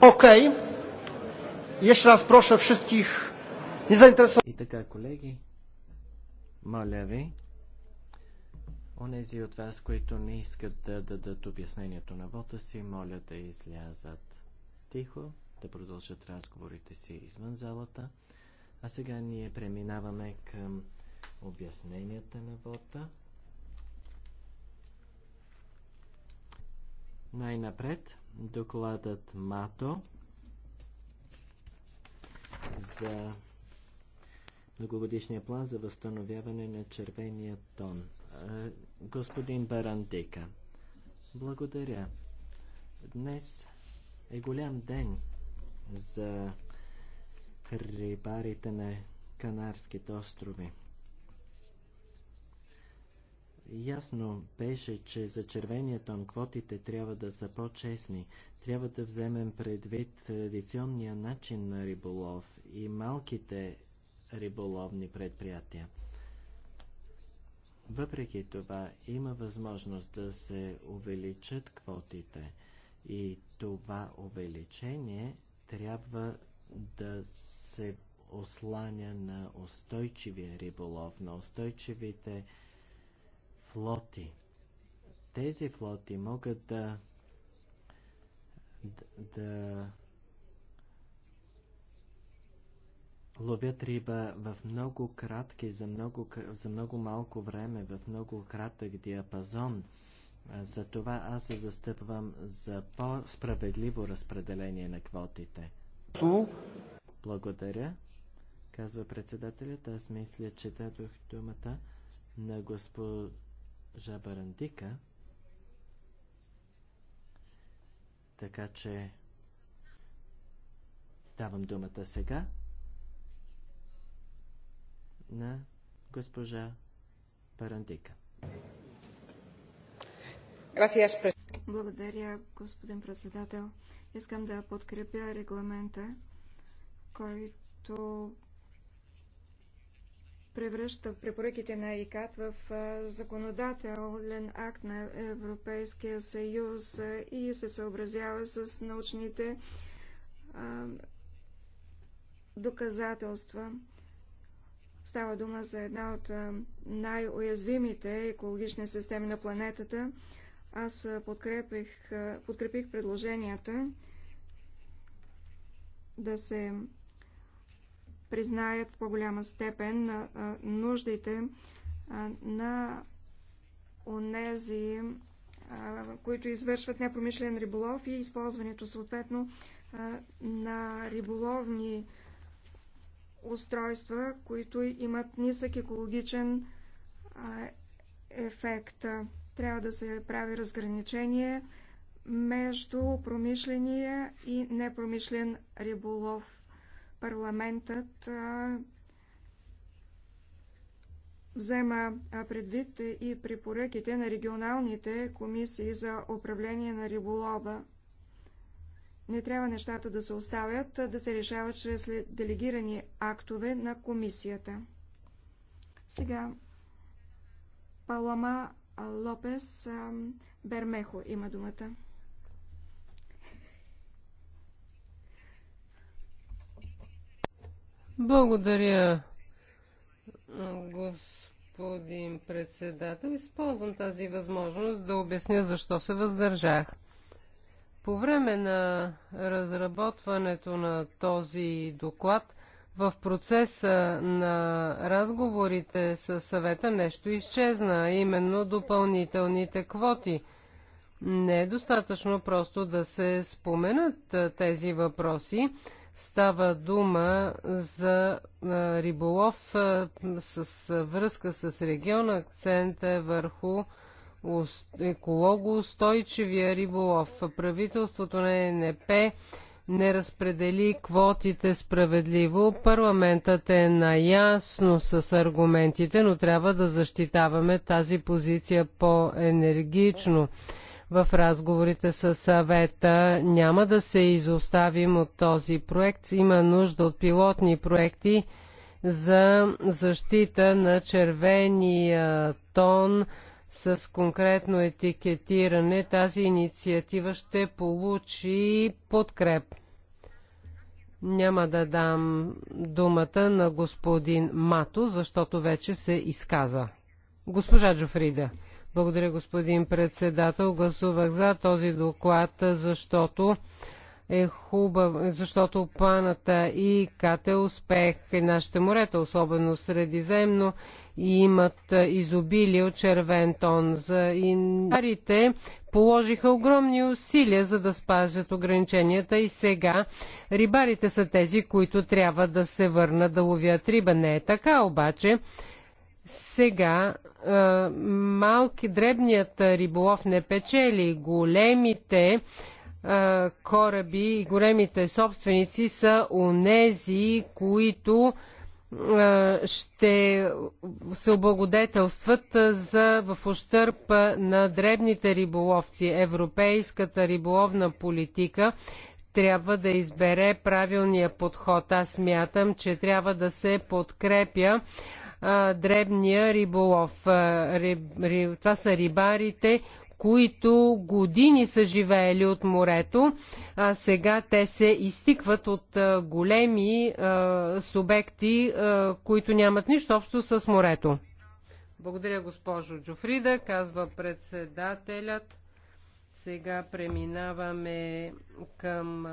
Ok. Jeszcze raz proszę wszystkich niezainteresowanych. I така, колеги, моля ви, онези от вас, които не искат да дадат обяснението на вота си, моля да излязат тихо, да продължат разговорите си извън залата. А сега ние преминаваме към обясненията на вота. Най-напред докладът МАТО за многогодишния план за възстановяване на червения тон. Господин Барандека, благодаря. Днес е голям ден за рибарите на Канарските острови. Ясно беше, че за червения тон квотите трябва да са по-честни. Трябва да вземем предвид традиционния начин на риболов и малките риболовни предприятия. Въпреки това има възможност да се увеличат квотите и това увеличение трябва да се осланя на устойчивия риболов, на устойчивите флоти. Тези флоти могат да да ловят риба в много кратки, за много, за много малко време, в много кратък диапазон. Затова аз се застъпвам за по-справедливо разпределение на квотите. Благодаря, казва председателят. Аз мисля, че дадох думата на господин жабарандика. Така че давам думата сега на госпожа Парандика. Благодаря, господин председател. Искам да подкрепя регламента, който превръща препоръките на ИКАТ в законодателен акт на Европейския съюз и се съобразява с научните доказателства. Става дума за една от най-уязвимите екологични системи на планетата. Аз подкрепих, подкрепих предложенията да се признаят в по-голяма степен нуждите на онези, които извършват непромишлен риболов и използването съответно на риболовни устройства, които имат нисък екологичен ефект. Трябва да се прави разграничение между промишления и непромишлен риболов парламентът взема предвид и препоръките на регионалните комисии за управление на риболова. Не трябва нещата да се оставят, да се решават чрез делегирани актове на комисията. Сега Палама Лопес Бермехо има думата. Благодаря, господин председател. Използвам тази възможност да обясня защо се въздържах. По време на разработването на този доклад, в процеса на разговорите с съвета нещо изчезна, именно допълнителните квоти. Не е достатъчно просто да се споменат тези въпроси Става дума за риболов с връзка с региона. Акцент е върху екологоустойчивия риболов. Правителството на ЕНП не разпредели квотите справедливо. Парламентът е наясно с аргументите, но трябва да защитаваме тази позиция по-енергично в разговорите с съвета. Няма да се изоставим от този проект. Има нужда от пилотни проекти за защита на червения тон с конкретно етикетиране. Тази инициатива ще получи подкреп. Няма да дам думата на господин Мато, защото вече се изказа. Госпожа Джофрида. Благодаря, господин председател. Гласувах за този доклад, защото е хубав, защото планата и кате успех и нашите морета, особено средиземно, и имат изобилие от червен тон. За инарите положиха огромни усилия за да спазят ограниченията и сега рибарите са тези, които трябва да се върнат да ловят риба. Не е така обаче. Сега малки, дребният риболов не печели. Големите кораби и големите собственици са онези, които ще се облагодетелстват за, в ощърп на дребните риболовци. Европейската риболовна политика трябва да избере правилния подход. Аз мятам, че трябва да се подкрепя дребния риболов. Това са рибарите, които години са живеели от морето, а сега те се изтикват от големи а, субекти, а, които нямат нищо общо с морето. Благодаря, госпожо Джофрида, казва председателят. Сега преминаваме към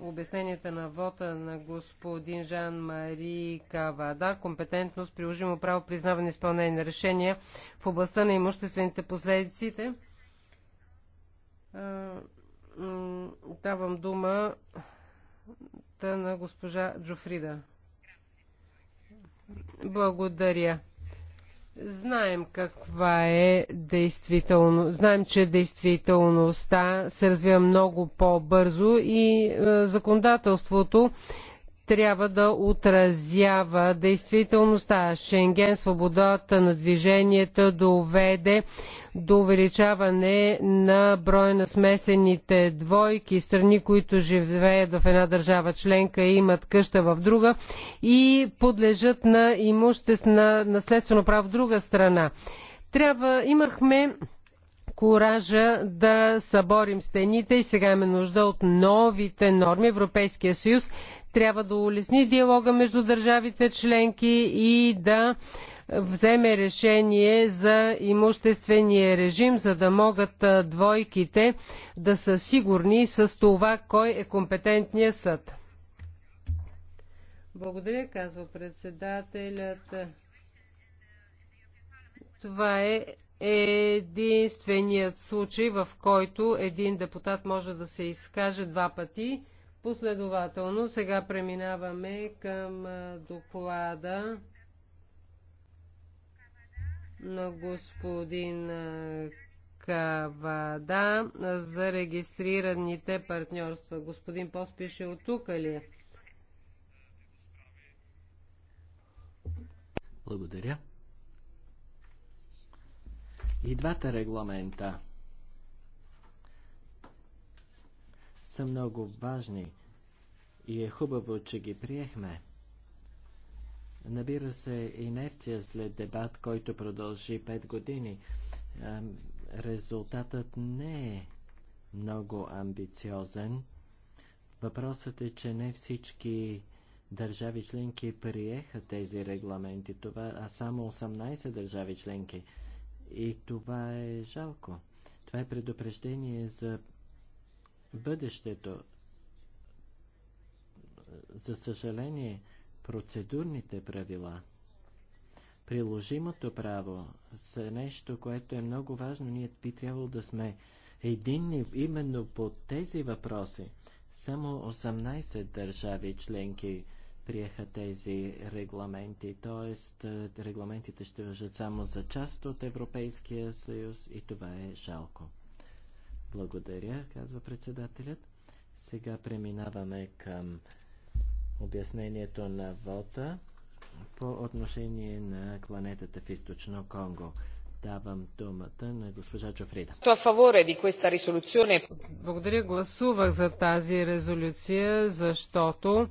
обясненията на вота на господин Жан-Мари Кавада, компетентност, приложимо право, признаване и изпълнение на решения в областта на имуществените последиците. Давам дума на госпожа Джофрида. Благодаря. Знаем каква е действително. Знаем, че действителността се развива много по-бързо и е, законодателството трябва да отразява действителността. Шенген, свободата на движението доведе до увеличаване на броя на смесените двойки, страни, които живеят в една държава членка и имат къща в друга и подлежат на на наследствено право в друга страна. Трябва, имахме коража да съборим стените и сега имаме нужда от новите норми. Европейския съюз трябва да улесни диалога между държавите членки и да вземе решение за имуществения режим, за да могат двойките да са сигурни с това кой е компетентният съд. Благодаря, казва председателят. Това е единственият случай, в който един депутат може да се изкаже два пъти последователно. Сега преминаваме към доклада на господин Кавада за регистрираните партньорства. Господин пише от тук ли Благодаря. И двата регламента са много важни и е хубаво, че ги приехме. Набира се инерция след дебат, който продължи 5 години. Резултатът не е много амбициозен. Въпросът е, че не всички държави членки приеха тези регламенти, това, а само 18 държави членки. И това е жалко. Това е предупреждение за бъдещето. За съжаление, процедурните правила, приложимото право са нещо, което е много важно. Ние би трябвало да сме единни именно по тези въпроси. Само 18 държави членки приеха тези регламенти. Тоест, е, регламентите ще въжат само за част от Европейския съюз и това е жалко. Благодаря, казва председателят. Сега преминаваме към обяснението на вота по отношение на планетата в източно Конго. Давам думата на госпожа Джофрида. Благодаря, гласувах за тази резолюция, защото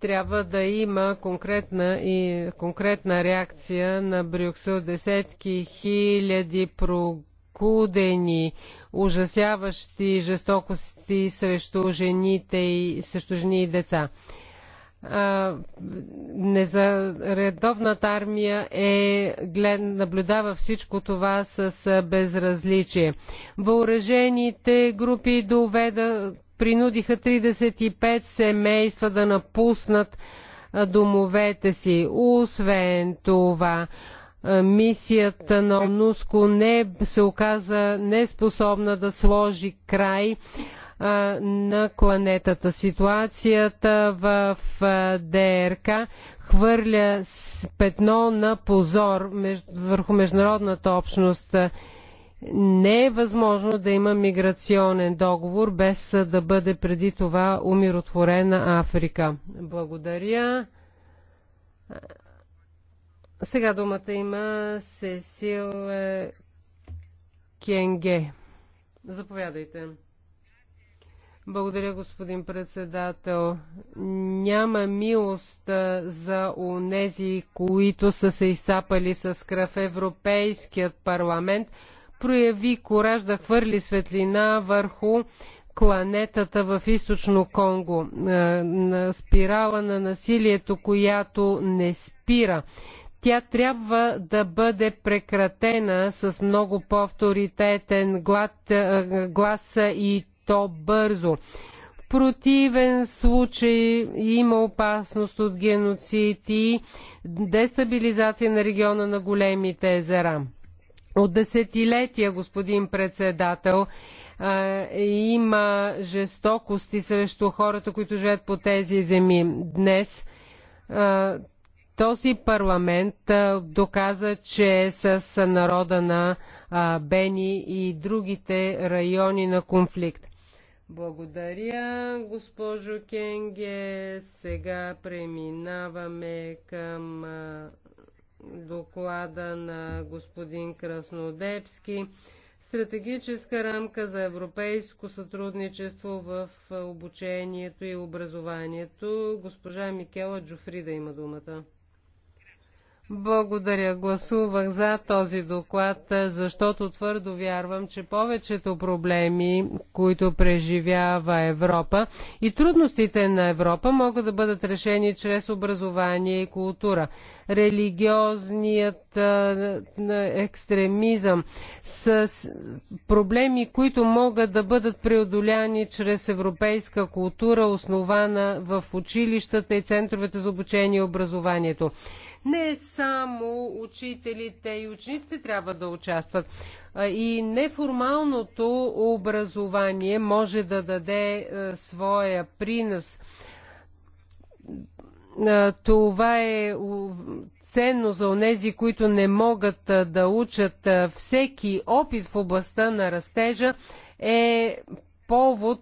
трябва да има конкретна, и, конкретна реакция на Брюксел. Десетки хиляди прокудени, ужасяващи жестокости срещу жените и срещу жени и деца. Незаредовната армия е, глед, наблюдава всичко това с безразличие. Въоръжените групи доведат принудиха 35 семейства да напуснат домовете си. Освен това, мисията на Нуско не се оказа неспособна да сложи край на кланетата. Ситуацията в ДРК хвърля петно на позор върху международната общност. Не е възможно да има миграционен договор без да бъде преди това умиротворена Африка. Благодаря. Сега думата има Сесил е, Кенге. Заповядайте. Благодаря, господин председател. Няма милост за онези, които са се изсапали с кръв Европейският парламент – прояви кораж да хвърли светлина върху кланетата в източно Конго, е, на спирала на насилието, която не спира. Тя трябва да бъде прекратена с много по-авторитетен е, глас и то бързо. В противен случай има опасност от геноцид и дестабилизация на региона на големите езера от десетилетия, господин председател. Има жестокости срещу хората, които живеят по тези земи. Днес този парламент доказа, че е с народа на Бени и другите райони на конфликт. Благодаря, госпожо Кенге. Сега преминаваме към доклада на господин Краснодепски. Стратегическа рамка за европейско сътрудничество в обучението и образованието. Госпожа Микела Джуфрида има думата. Благодаря. Гласувах за този доклад, е, защото твърдо вярвам, че повечето проблеми, които преживява Европа и трудностите на Европа могат да бъдат решени чрез образование и култура. Религиозният е, екстремизъм с проблеми, които могат да бъдат преодоляни чрез европейска култура, основана в училищата и центровете за обучение и образованието не само учителите и учениците трябва да участват. И неформалното образование може да даде своя принос. Това е ценно за онези, които не могат да учат. Всеки опит в областта на растежа е повод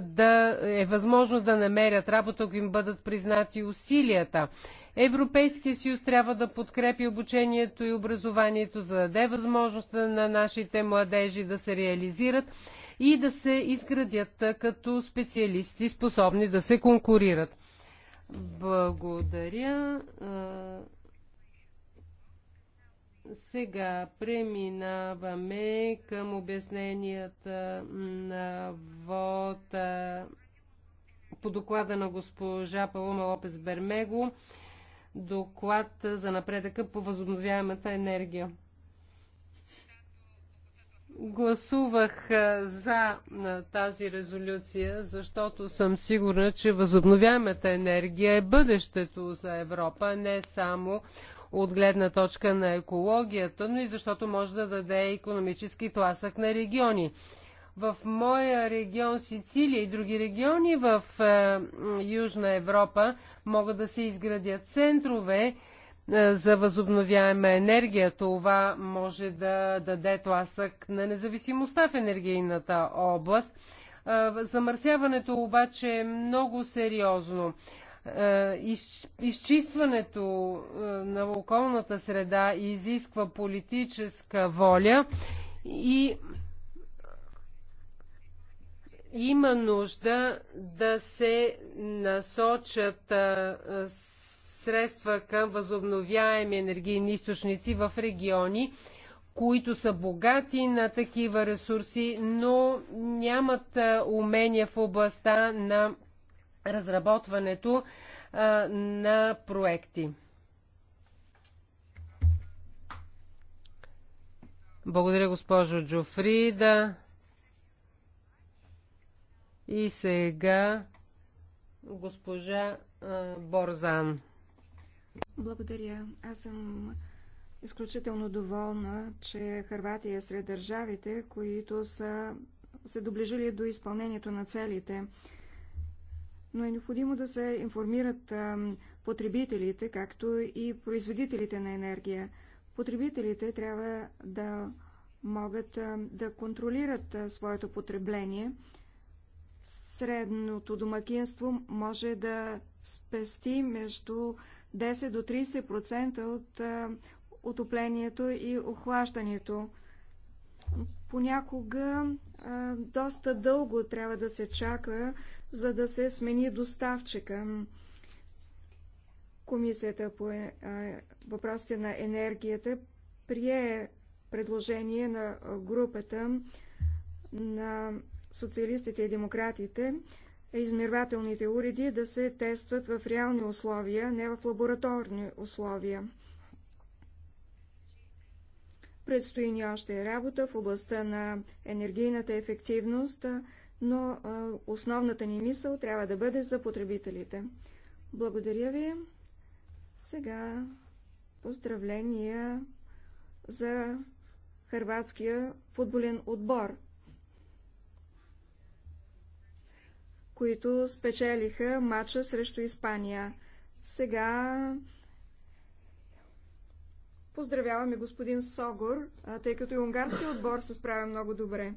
да е възможно да намерят работа, ако им бъдат признати усилията. Европейския съюз трябва да подкрепи обучението и образованието, за да даде възможност на нашите младежи да се реализират и да се изградят като специалисти, способни да се конкурират. Благодаря. Сега преминаваме към обясненията на вода по доклада на госпожа Палома Лопес Бермего доклад за напредъка по възобновяемата енергия. Гласувах за тази резолюция, защото съм сигурна, че възобновяемата енергия е бъдещето за Европа, не само от гледна точка на екологията, но и защото може да даде економически тласък на региони в моя регион Сицилия и други региони в е, Южна Европа могат да се изградят центрове е, за възобновяема енергия. Това може да даде тласък на независимостта в енергийната област. Е, замърсяването обаче е много сериозно. Е, из, изчистването е, на околната среда изисква политическа воля и има нужда да се насочат а, средства към възобновяеми енергийни източници в региони, които са богати на такива ресурси, но нямат а, умения в областта на разработването а, на проекти. Благодаря, госпожо Джофрида. И сега госпожа Борзан. Благодаря. Аз съм изключително доволна, че Харватия е сред държавите, които са се доближили до изпълнението на целите. Но е необходимо да се информират потребителите, както и производителите на енергия. Потребителите трябва да могат да контролират своето потребление – Средното домакинство може да спести между 10 до 30% от отоплението и охлаждането. Понякога а, доста дълго трябва да се чака, за да се смени доставчика. Комисията по е, а, въпросите на енергията прие предложение на групата на социалистите и демократите е измервателните уреди да се тестват в реални условия, не в лабораторни условия. Предстои ни още работа в областта на енергийната ефективност, но основната ни мисъл трябва да бъде за потребителите. Благодаря ви. Сега поздравления за хърватския футболен отбор. които спечелиха матча срещу Испания. Сега поздравяваме господин Согор, тъй като и унгарски отбор се справя много добре.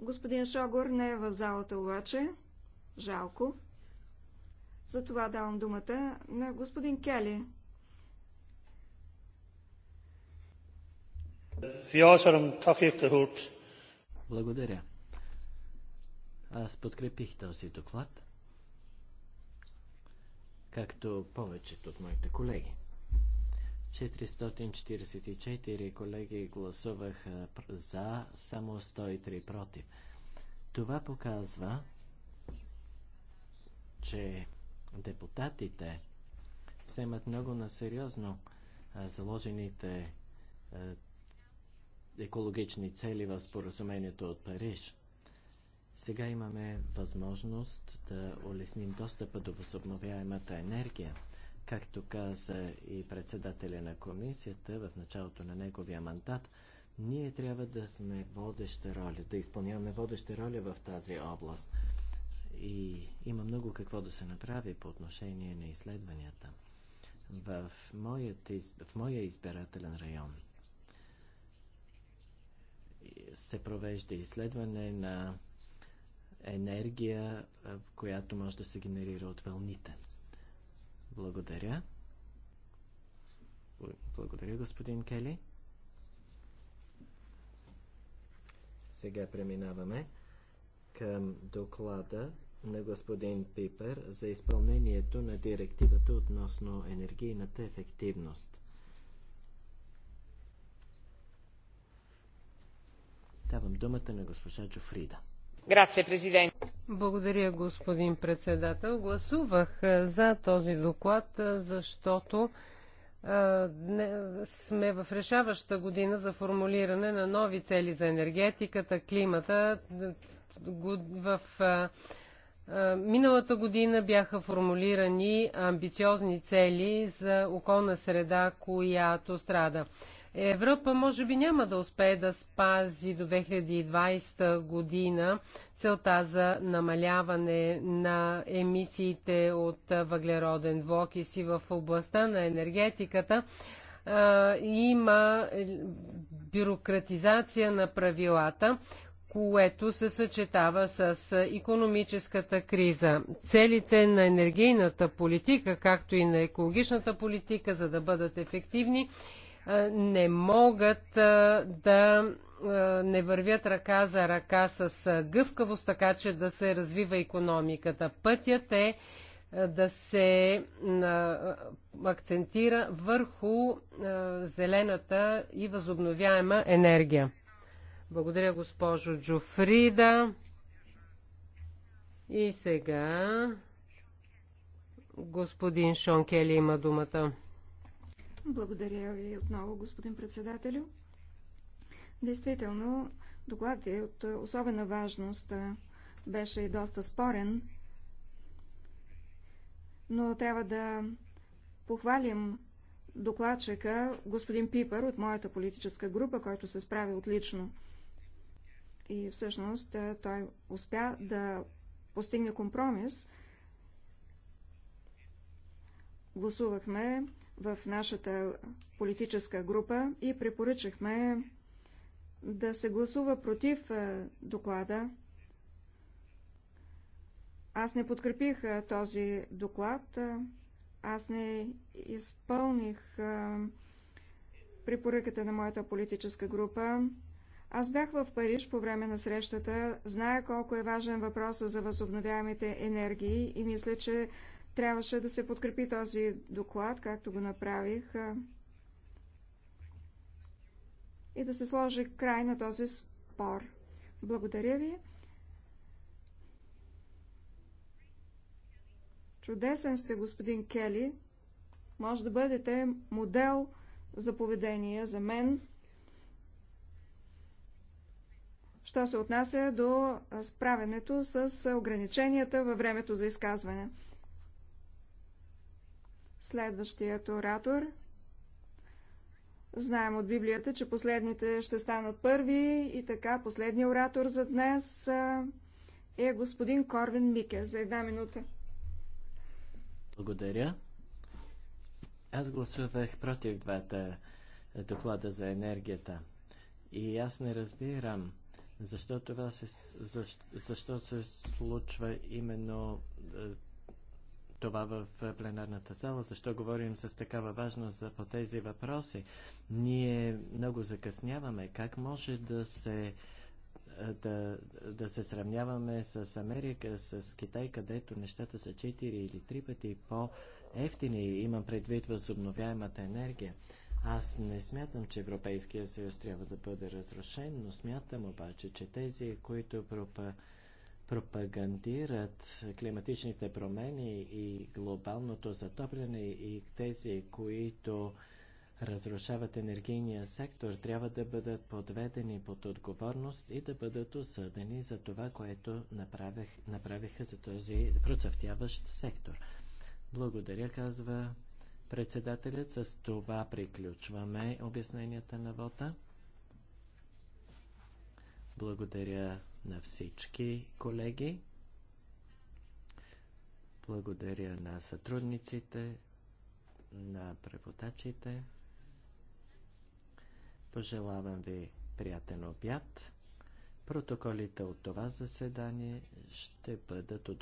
Господин Шогор не е в залата обаче. Жалко. Затова давам думата на господин Кели. Благодаря. Аз подкрепих този доклад, както повечето от моите колеги. 444 колеги гласуваха за, само 103 против. Това показва, че депутатите вземат много на сериозно заложените екологични цели в споразумението от Париж. Сега имаме възможност да улесним достъпа до възобновяемата енергия. Както каза и председателя на комисията в началото на неговия мандат, ние трябва да сме водеща роля, да изпълняваме водеща роля в тази област. И има много какво да се направи по отношение на изследванията. В, моят, в моя избирателен район се провежда изследване на енергия, която може да се генерира от вълните. Благодаря. Благодаря, господин Кели. Сега преминаваме към доклада на господин Пипер за изпълнението на директивата относно енергийната ефективност. Давам думата на госпожа Джофрида. Благодаря, господин председател. Гласувах е, за този доклад, е, защото е, сме в решаваща година за формулиране на нови цели за енергетиката, климата. В миналата година бяха формулирани амбициозни цели за околна среда, която страда. Европа може би няма да успее да спази до 2020 година целта за намаляване на емисиите от въглероден двуокис и в областта на енергетиката а, има бюрократизация на правилата, което се съчетава с економическата криза. Целите на енергийната политика, както и на екологичната политика, за да бъдат ефективни, не могат да не вървят ръка за ръка с гъвкавост, така че да се развива економиката. Пътят е да се акцентира върху зелената и възобновяема енергия. Благодаря, госпожо Джофрида. И сега господин Шон Кели има думата. Благодаря ви отново, господин председателю. Действително, докладът е от особена важност. Беше и доста спорен, но трябва да похвалим докладчика, господин Пипър от моята политическа група, който се справи отлично. И всъщност той успя да постигне компромис. Гласувахме в нашата политическа група и препоръчахме да се гласува против доклада. Аз не подкрепих този доклад. Аз не изпълних препоръката на моята политическа група. Аз бях в Париж по време на срещата, зная колко е важен въпросът за възобновяемите енергии и мисля, че Трябваше да се подкрепи този доклад, както го направих, и да се сложи край на този спор. Благодаря ви. Чудесен сте, господин Кели. Може да бъдете модел за поведение за мен. Що се отнася до справенето с ограниченията във времето за изказване. Следващият оратор. Знаем от Библията, че последните ще станат първи и така последният оратор за днес е господин Корвин Мике. За една минута. Благодаря. Аз гласувах против двата доклада за енергията. И аз не разбирам защо това се, защо, защо се случва именно това в пленарната зала, защо говорим с такава важност за по тези въпроси. Ние много закъсняваме. Как може да се е, да, да се сравняваме с Америка, с Китай, където нещата са 4 или 3 пъти по-ефтини. Имам предвид възобновяемата енергия. Аз не смятам, че Европейския съюз трябва да бъде разрушен, но смятам обаче, че тези, които пропа пропагандират климатичните промени и глобалното затопляне и тези, които разрушават енергийния сектор, трябва да бъдат подведени под отговорност и да бъдат осъдени за това, което направих, направиха за този процъфтяващ сектор. Благодаря, казва председателят. С това приключваме обясненията на вота. Благодаря на всички колеги. Благодаря на сътрудниците, на преводачите. Пожелавам ви приятен обяд. Протоколите от това заседание ще бъдат